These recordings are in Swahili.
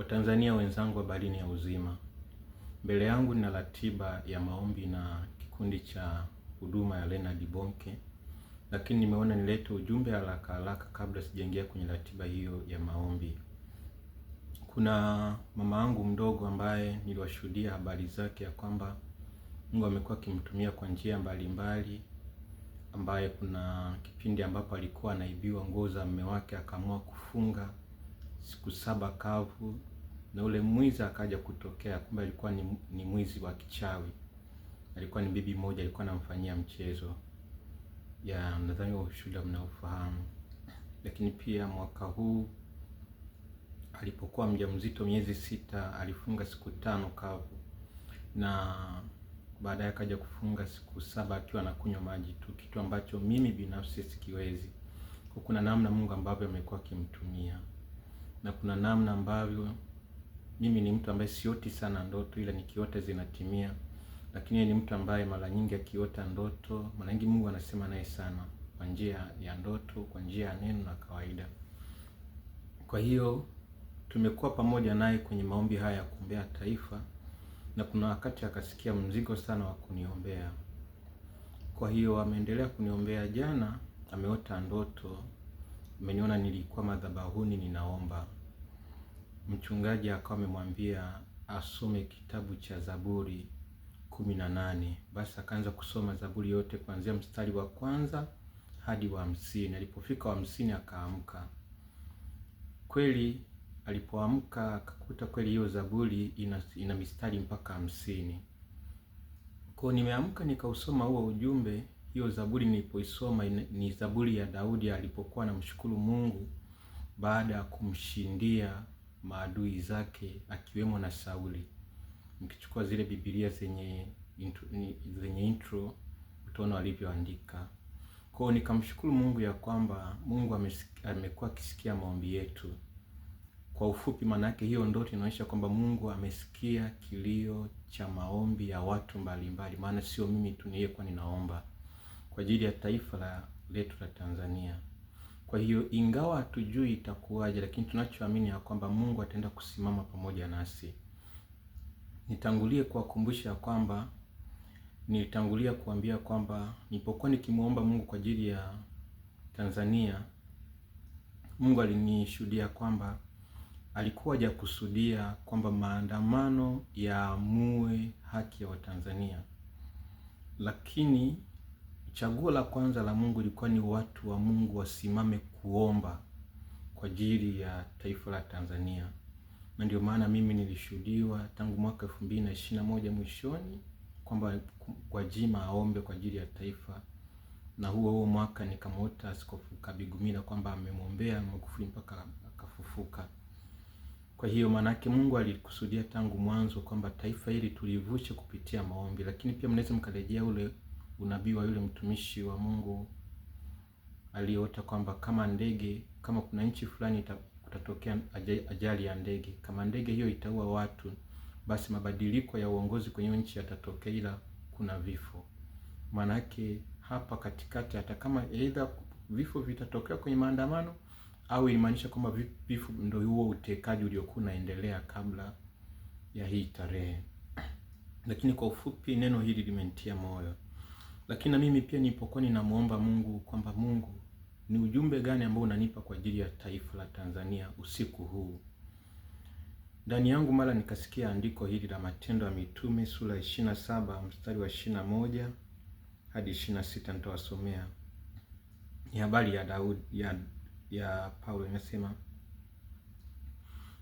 Watanzania wenzangu, habarini ya uzima. Mbele yangu nina ratiba ya maombi na kikundi cha huduma ya Leonard Bonke, lakini nimeona nilete ujumbe haraka haraka kabla sijaingia kwenye ratiba hiyo ya maombi. Kuna mama yangu mdogo ambaye niliwashuhudia habari zake ya kwamba Mungu amekuwa akimtumia kwa njia mbalimbali, ambaye kuna kipindi ambapo alikuwa anaibiwa nguo za mume wake, akaamua kufunga siku saba kavu, na ule mwizi akaja kutokea, kumbe alikuwa ni, ni mwizi wa kichawi. Alikuwa ni bibi moja alikuwa anamfanyia mchezo ya, nadhani wa shule mnaofahamu. Lakini pia mwaka huu alipokuwa mjamzito miezi sita alifunga siku tano kavu, na baadaye akaja kufunga siku saba akiwa anakunywa maji tu, kitu ambacho mimi binafsi sikiwezi. Kuna namna Mungu ambavyo amekuwa akimtumia na kuna namna ambavyo mimi ni mtu ambaye sioti sana ndoto, ila nikiota zinatimia, lakini ni mtu ambaye mara nyingi akiota ndoto, mara nyingi Mungu anasema naye sana kwa njia ya ndoto, kwa njia ya neno na kawaida. Kwa hiyo tumekuwa pamoja naye kwenye maombi haya ya kuombea taifa, na kuna wakati akasikia mzigo sana wa kuniombea. Kwa hiyo ameendelea kuniombea. Jana ameota ndoto umeniona nilikuwa madhabahuni ninaomba. Mchungaji akawa amemwambia asome kitabu cha Zaburi kumi na nane. Basi akaanza kusoma Zaburi yote kuanzia mstari wa kwanza hadi wa hamsini. Alipofika wa hamsini akaamka. Kweli alipoamka akakuta kweli hiyo Zaburi ina, ina mistari mpaka hamsini. Kwa nimeamka nikausoma huo ujumbe hiyo Zaburi nilipoisoma ni Zaburi ya Daudi alipokuwa anamshukuru Mungu baada ya kumshindia maadui zake akiwemo na Sauli. Mkichukua zile Biblia zenye intro, zenye intro utaona walivyoandika. Kwa hiyo nikamshukuru Mungu ya kwamba Mungu amekuwa akisikia maombi yetu. Kwa ufupi, maanake hiyo ndoto inaonyesha kwamba Mungu amesikia kilio cha maombi ya watu mbalimbali, maana sio mimi tu niliyekuwa ninaomba kwa ajili ya taifa la letu la Tanzania. Kwa hiyo ingawa hatujui itakuwaje, lakini tunachoamini ya kwamba Mungu ataenda kusimama pamoja nasi. Nitangulie kuwakumbusha kwamba nilitangulia kuambia kwamba nilipokuwa nikimwomba Mungu kwa ajili ya Tanzania, Mungu alinishuhudia kwamba alikuwa hajakusudia kwamba maandamano yaamue haki ya Watanzania, lakini Chaguo la kwanza la Mungu ilikuwa ni watu wa Mungu wasimame kuomba kwa ajili ya taifa la Tanzania, na ndio maana mimi nilishuhudiwa tangu mwaka elfu mbili na ishirini na moja mwishoni kwamba Gwajima aombe kwa ajili ya taifa, na huo huo mwaka nikamwota Askofu Kabigumila kwamba amemwombea Magufuli mpaka akafufuka. Kwa hiyo maanake Mungu alikusudia tangu mwanzo kwamba taifa hili tulivushe kupitia maombi, lakini pia mnaweza mkarejea ule unabii wa yule mtumishi wa Mungu aliyeota kwamba kama ndege, kama kuna nchi fulani kutatokea ajali ya ndege, kama ndege hiyo itaua watu, basi mabadiliko ya uongozi kwenye nchi yatatokea, ila kuna vifo. Maanake hapa katikati, hata kama aidha vifo vitatokea kwenye maandamano au ilimaanisha kwamba vifo ndio huo utekaji uliokuwa unaendelea kabla ya hii tarehe. Lakini kwa ufupi, neno hili limenitia moyo. Lakini na mimi pia nipokuwa ninamwomba Mungu kwamba Mungu, ni ujumbe gani ambao unanipa kwa ajili ya taifa la Tanzania usiku huu, ndani yangu mara nikasikia andiko hili la Matendo ya Mitume sura ya saba mstari wa ishirini moja hadi ishirini sita nitawasomea. Ni habari ya Daudi ya, ya Paulo inasema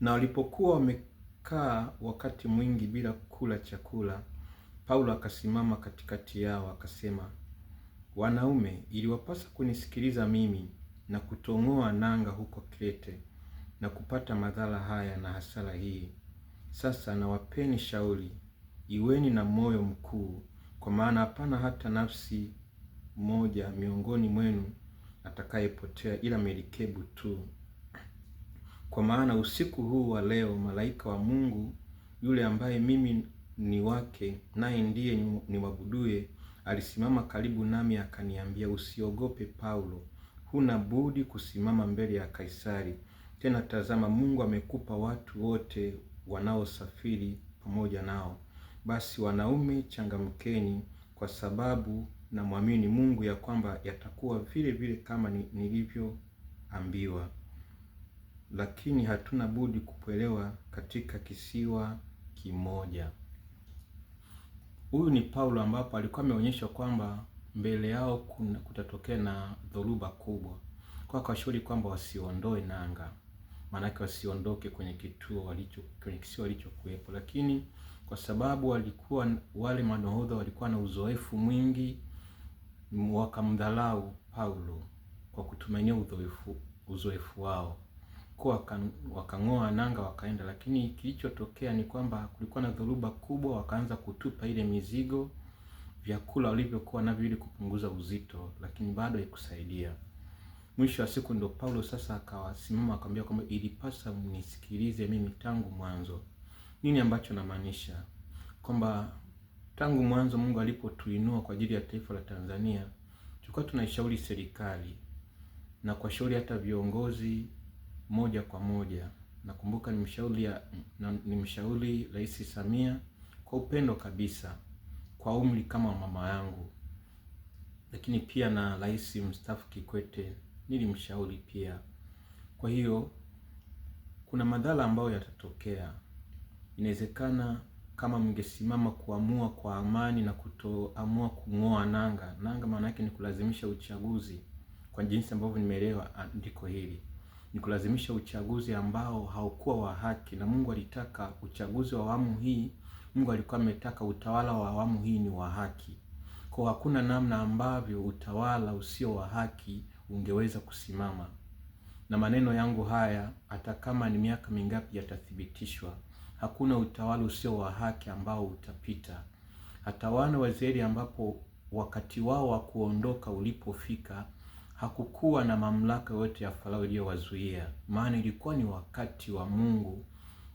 na walipokuwa wamekaa wakati mwingi bila kula chakula, Paulo akasimama katikati yao akasema, wanaume, iliwapasa kunisikiliza mimi na kutong'oa nanga huko Krete na kupata madhara haya na hasara hii. Sasa nawapeni shauri, iweni na moyo mkuu, kwa maana hapana hata nafsi moja miongoni mwenu atakayepotea, ila merikebu tu. Kwa maana usiku huu wa leo malaika wa Mungu yule ambaye mimi ni wake, naye ndiye niwabuduye, alisimama karibu nami akaniambia, usiogope Paulo, huna budi kusimama mbele ya Kaisari. Tena tazama, Mungu amekupa watu wote wanaosafiri pamoja nao. Basi wanaume, changamkeni, kwa sababu namwamini Mungu ya kwamba yatakuwa vile vile kama nilivyoambiwa. Lakini hatuna budi kupelewa katika kisiwa kimoja. Huyu ni Paulo ambapo alikuwa ameonyeshwa kwamba mbele yao kuna kutatokea na dhoruba kubwa, kwa kashauri kwamba wasiondoe nanga, maanake wasiondoke kwenye kituo walicho kwenye kisiwa walichokuwepo, lakini kwa sababu walikuwa wale manohodha walikuwa na uzoefu mwingi, wakamdhalau Paulo kwa kutumainia uzoefu uzoefu wao walikuwa wakang'oa nanga wakaenda, lakini kilichotokea ni kwamba kulikuwa na dhoruba kubwa, wakaanza kutupa ile mizigo, vyakula walivyokuwa navyo ili kupunguza uzito, lakini bado haikusaidia. Mwisho wa siku ndo Paulo sasa akawasimama akamwambia kwamba ilipasa mnisikilize mimi tangu mwanzo. Nini ambacho namaanisha? Kwamba tangu mwanzo Mungu alipotuinua kwa ajili ya taifa la Tanzania, tulikuwa tunaishauri serikali na kwa shauri hata viongozi moja kwa moja. Nakumbuka ni mshauri Rais Samia kwa upendo kabisa kwa umri kama mama yangu, lakini pia na Rais mstaafu Kikwete nilimshauri pia. Kwa hiyo kuna madhara ambayo yatatokea. Inawezekana kama mngesimama kuamua kwa amani na kutoamua kung'oa nanga nanga, maana yake ni kulazimisha uchaguzi. Kwa jinsi ambavyo nimeelewa andiko hili, ni kulazimisha uchaguzi ambao haukuwa wa haki, na Mungu alitaka uchaguzi wa awamu hii. Mungu alikuwa ametaka utawala wa awamu hii ni wa haki, kwa hakuna namna ambavyo utawala usio wa haki ungeweza kusimama. Na maneno yangu haya, hata kama ni miaka mingapi, yatathibitishwa. Hakuna utawala usio wa haki ambao utapita. Hata wana wa Israeli ambapo wakati wao wa kuondoka ulipofika hakukuwa na mamlaka yote ya Farao iliyowazuia, maana ilikuwa ni wakati wa Mungu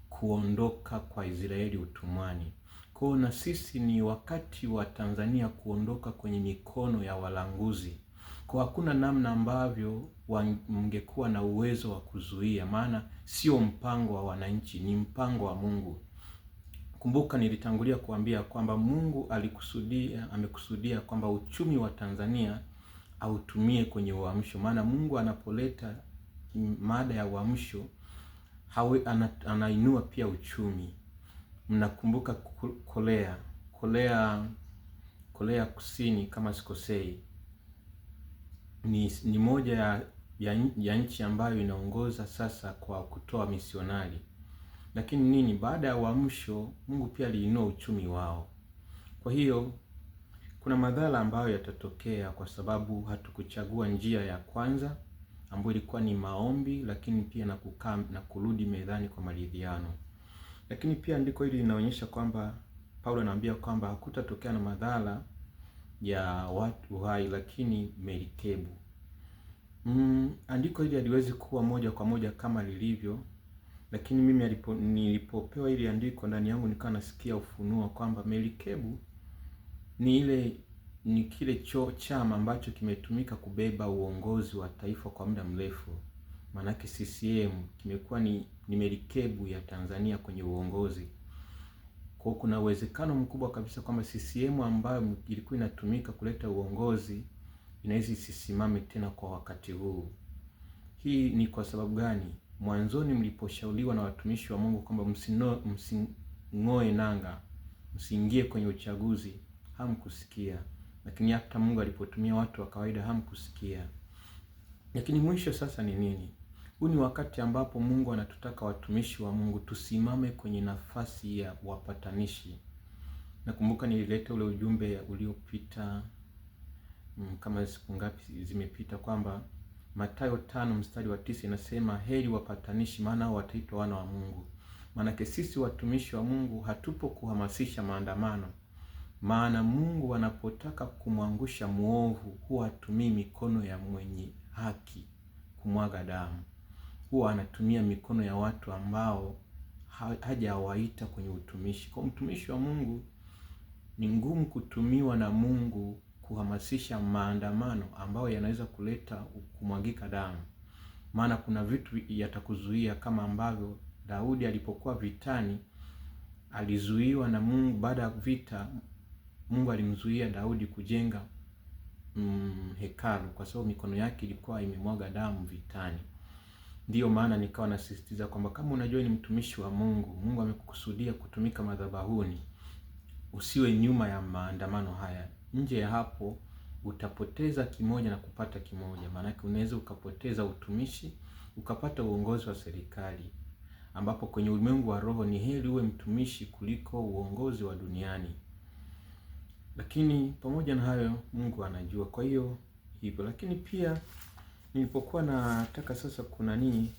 kuondoka kwa Israeli utumwani. Kwao na sisi ni wakati wa Tanzania kuondoka kwenye mikono ya walanguzi. Kwa hakuna namna ambavyo mngekuwa na uwezo wa kuzuia, maana sio mpango wa wananchi, ni mpango wa Mungu. Kumbuka nilitangulia kuambia kwamba Mungu alikusudia, amekusudia kwamba uchumi wa Tanzania autumie kwenye uamsho, maana Mungu anapoleta mada ya uamsho hawe, anainua pia uchumi. Mnakumbuka Korea, Korea, Korea Kusini kama sikosei, ni, ni moja ya, ya, ya nchi ambayo inaongoza sasa kwa kutoa misionari. Lakini nini, baada ya uamsho Mungu pia aliinua uchumi wao. Kwa hiyo kuna madhara ambayo yatatokea kwa sababu hatukuchagua njia ya kwanza ambayo ilikuwa ni maombi, lakini pia na kukaa na kurudi mezani kwa maridhiano. Lakini pia andiko hili linaonyesha kwamba Paulo anaambia kwamba hakutatokea na madhara ya watu hai, lakini merikebu. Mm, andiko hili haliwezi kuwa moja kwa moja kama lilivyo, lakini mimi alipo, nilipopewa hili andiko ndani yangu nikawa nasikia ufunuo kwamba merikebu ni ile ni kile cho chama ambacho kimetumika kubeba uongozi wa taifa kwa muda mrefu, maanake CCM kimekuwa ni, ni merikebu ya Tanzania kwenye uongozi. Kwa kuna uwezekano mkubwa kabisa kwamba CCM ambayo ilikuwa inatumika kuleta uongozi inaweza isisimame tena kwa wakati huu. Hii ni kwa sababu gani? Mwanzoni mliposhauriwa na watumishi wa Mungu kwamba msing'oe msi nanga, msiingie kwenye uchaguzi, hamkusikia lakini hata Mungu alipotumia watu wa kawaida hamkusikia. Lakini mwisho sasa ni nini? Huu ni wakati ambapo Mungu anatutaka watumishi wa Mungu tusimame kwenye nafasi ya wapatanishi. Nakumbuka nilileta ule ujumbe uliopita mm, kama siku ngapi zimepita, kwamba Mathayo tano mstari wa tisa inasema heri wapatanishi, maana hao wataitwa wana wa Mungu. Maanake sisi watumishi wa Mungu hatupo kuhamasisha maandamano maana Mungu anapotaka kumwangusha mwovu huwa atumii mikono ya mwenye haki kumwaga damu, huwa anatumia mikono ya watu ambao hajawaita kwenye utumishi. Kwa mtumishi wa Mungu ni ngumu kutumiwa na Mungu kuhamasisha maandamano ambayo yanaweza kuleta kumwagika damu, maana kuna vitu yatakuzuia, kama ambavyo Daudi alipokuwa vitani alizuiwa na Mungu. Baada ya vita, Mungu alimzuia Daudi kujenga mm, hekalu kwa sababu mikono yake ilikuwa imemwaga damu vitani. Ndiyo maana nikawa nasisitiza kwamba kama unajua ni mtumishi wa Mungu, Mungu amekukusudia kutumika madhabahuni, usiwe nyuma ya maandamano haya. Nje ya hapo utapoteza kimoja na kupata kimoja. Maanake unaweza ukapoteza utumishi ukapata uongozi wa serikali, ambapo kwenye ulimwengu wa roho ni heri uwe mtumishi kuliko uongozi wa duniani. Lakini pamoja na hayo Mungu anajua, kwa hiyo hivyo. Lakini pia nilipokuwa nataka sasa kuna nini,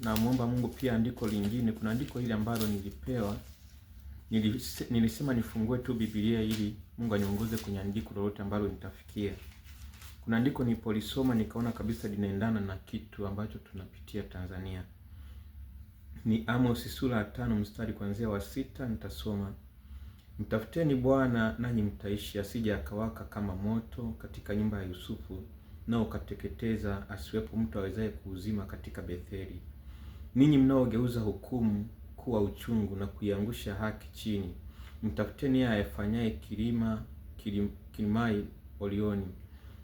namwomba Mungu pia andiko lingine, kuna andiko hili ambalo nilipewa, nilisema nifungue tu Biblia ili Mungu aniongoze kwenye andiko lolote ambalo nitafikia. Kuna andiko nilipolisoma nikaona kabisa linaendana na kitu ambacho tunapitia Tanzania. Ni Amosi sura ya tano mstari kuanzia wa sita nitasoma. Mtafuteni Bwana nanyi mtaishi, asije akawaka kama moto katika nyumba ya Yusufu na ukateketeza, asiwepo mtu awezaye kuuzima katika Betheli. Ninyi mnaogeuza hukumu kuwa uchungu na kuiangusha haki chini, mtafuteni yeye ayafanyaye kilima kilim, kilimai olioni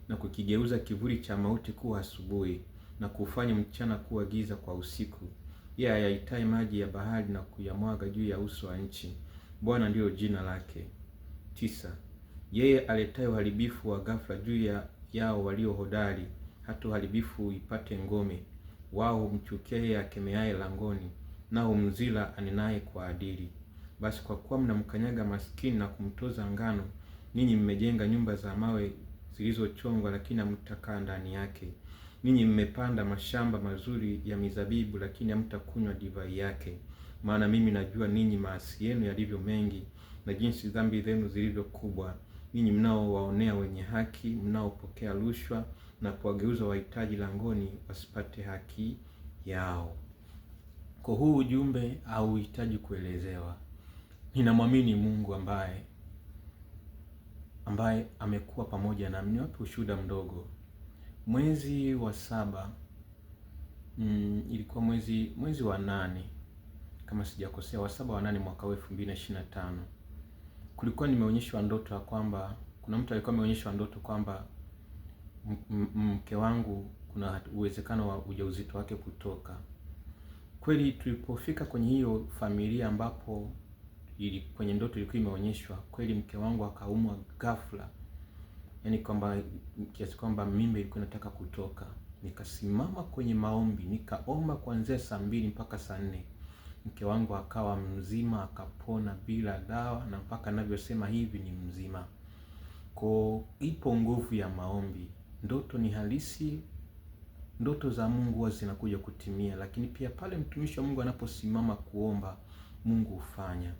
na kukigeuza kivuli cha mauti kuwa asubuhi, na kufanya mchana kuwa giza kwa usiku. Yeye ayaitaye maji ya bahari na kuyamwaga juu ya uso wa nchi. Bwana ndiyo jina lake. tisa. Yeye aletaye uharibifu wa ghafla juu ya yao walio hodari, hata uharibifu ipate ngome. Wao humchukia yeye akemeaye langoni, nao mzila anenaye kwa adili. Basi kwa kuwa mnamkanyaga maskini na kumtoza ngano, ninyi mmejenga nyumba za mawe zilizochongwa, lakini hamtakaa ndani yake. Ninyi mmepanda mashamba mazuri ya mizabibu, lakini hamtakunywa divai yake maana mimi najua ninyi maasi yenu yalivyo mengi na jinsi dhambi zenu zilivyo kubwa. Ninyi mnaowaonea wenye haki, mnaopokea rushwa na kuwageuza wahitaji langoni wasipate haki yao. Kwa huu ujumbe hauhitaji kuelezewa. Ninamwamini Mungu ambaye ambaye amekuwa pamoja nami. Niwape ushuhuda mdogo. Mwezi wa saba mm, ilikuwa mwezi mwezi wa nane kama sijakosea, wa saba wa nane mwaka 2025 kulikuwa nimeonyeshwa ndoto ya kwamba kuna mtu alikuwa ameonyeshwa ndoto kwamba mke wangu kuna uwezekano wa ujauzito wake kutoka. Kweli tulipofika kwenye hiyo familia ambapo ili kwenye ndoto ilikuwa imeonyeshwa kweli, mke wangu akaumwa ghafla, yani kwamba kiasi kwamba mimba ilikuwa inataka kutoka. Nikasimama kwenye maombi, nikaomba kuanzia saa mbili mpaka saa nne mke wangu akawa mzima akapona bila dawa, na mpaka navyosema hivi ni mzima. Kwa ipo nguvu ya maombi. Ndoto ni halisi, ndoto za Mungu huwa zinakuja kutimia, lakini pia pale mtumishi wa Mungu anaposimama kuomba, Mungu hufanya.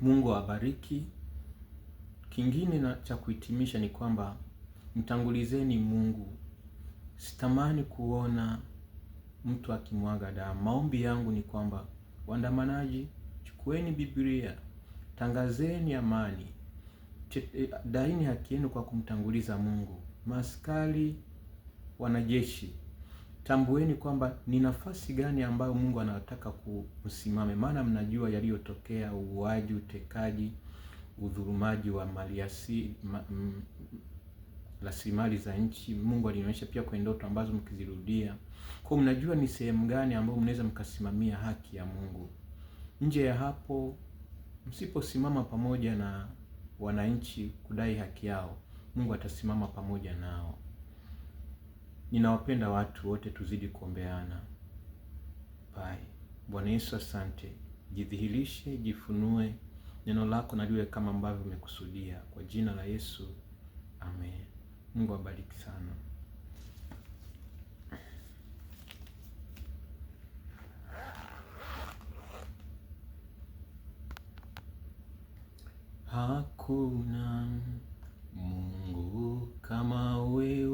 Mungu awabariki. Kingine na cha kuhitimisha ni kwamba mtangulizeni Mungu. Sitamani kuona mtu akimwaga damu. Maombi yangu ni kwamba Waandamanaji, chukueni Biblia, tangazeni amani, e, daini haki yenu kwa kumtanguliza Mungu. Maskari, wanajeshi, tambueni kwamba ni nafasi gani ambayo Mungu anataka kumsimame, maana mnajua yaliyotokea: uuaji, utekaji, udhulumaji wa maliasili ma, rasilimali za nchi. Mungu alionyesha pia kwenye ndoto ambazo mkizirudia, kwa mnajua ni sehemu gani ambayo mnaweza mkasimamia haki ya Mungu. Nje ya hapo, msiposimama pamoja na wananchi kudai haki yao, Mungu atasimama pamoja nao. Ninawapenda watu wote, tuzidi kuombeana. Bye. Bwana Yesu, asante. Jidhihirishe, jifunue neno lako na liwe kama ambavyo umekusudia, kwa jina la Yesu, amen. Mungu abariki sana. Hakuna Mungu kama wewe.